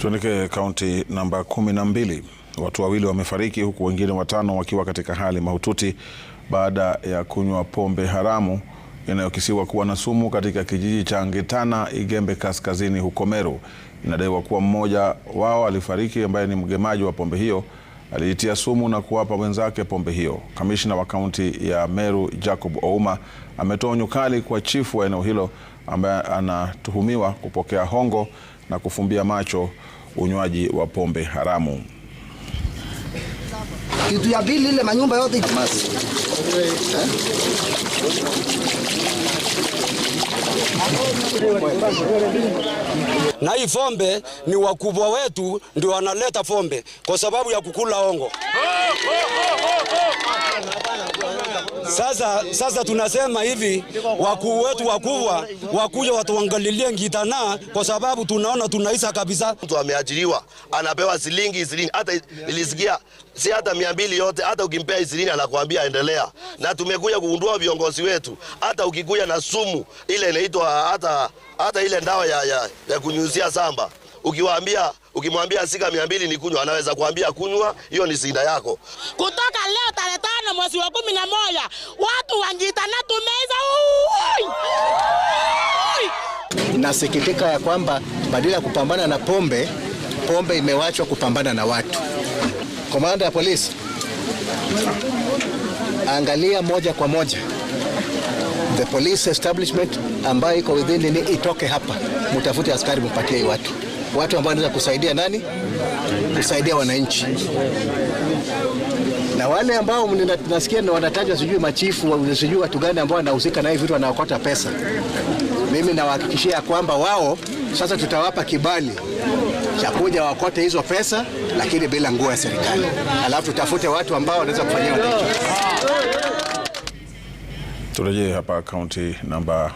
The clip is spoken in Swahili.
Tuelekee kaunti namba kumi na mbili. Watu wawili wamefariki huku wengine watano wakiwa katika hali mahututi baada ya kunywa pombe haramu inayokisiwa kuwa na sumu katika kijiji cha ngetana Igembe Kaskazini huko Meru. Inadaiwa kuwa mmoja wao alifariki ambaye ni mgemaji wa pombe hiyo aliitia sumu na kuwapa wenzake pombe hiyo. Kamishna wa kaunti ya Meru Jacob Ouma ametoa onyo kali kwa chifu wa eneo hilo ambaye anatuhumiwa kupokea hongo na kufumbia macho unywaji wa pombe haramu. Kitu ya bili ile manyumba yote na hii fombe ni wakubwa wetu ndio wanaleta fombe kwa sababu ya kukula ongo. Sasa, sasa tunasema hivi wakuu wetu wakubwa wakuja watuangalilie Ngitana kwa sababu tunaona tunaisa kabisa. Mtu ameajiriwa anapewa shilingi ishirini, hata nilisikia si hata mia mbili yote, hata ukimpea ishirini anakuambia endelea. Na tumekuja kugundua viongozi wetu, hata ukikuja na sumu ile inaitwa hata, hata ile ndawa ya, ya, ya kunyunyizia samba ukiwaambia ukimwambia sika mia mbili ni kunywa, anaweza kuambia kunywa, hiyo ni shida yako. Kutoka leo tarehe tano mwezi wa kumi na moja watu wangitana tumeza. Nasikitika ya kwamba badala ya kupambana na pombe, pombe imewachwa kupambana na watu. Komanda ya polisi, angalia moja kwa moja the police establishment ambayo iko within ni itoke hapa, mtafute askari, mpatie watu watu ambao wanaweza kusaidia nani, kusaidia wananchi na wale ambao nasikia wanatajwa sijui machifu sijui watu gani ambao wanahusika na hivi vitu wanaokota pesa, mimi nawahakikishia kwamba wao sasa tutawapa kibali cha kuja wakote hizo pesa, lakini bila nguo ya serikali, alafu tutafute watu ambao wanaweza kufanyia wananchi. Turejee hapa kaunti namba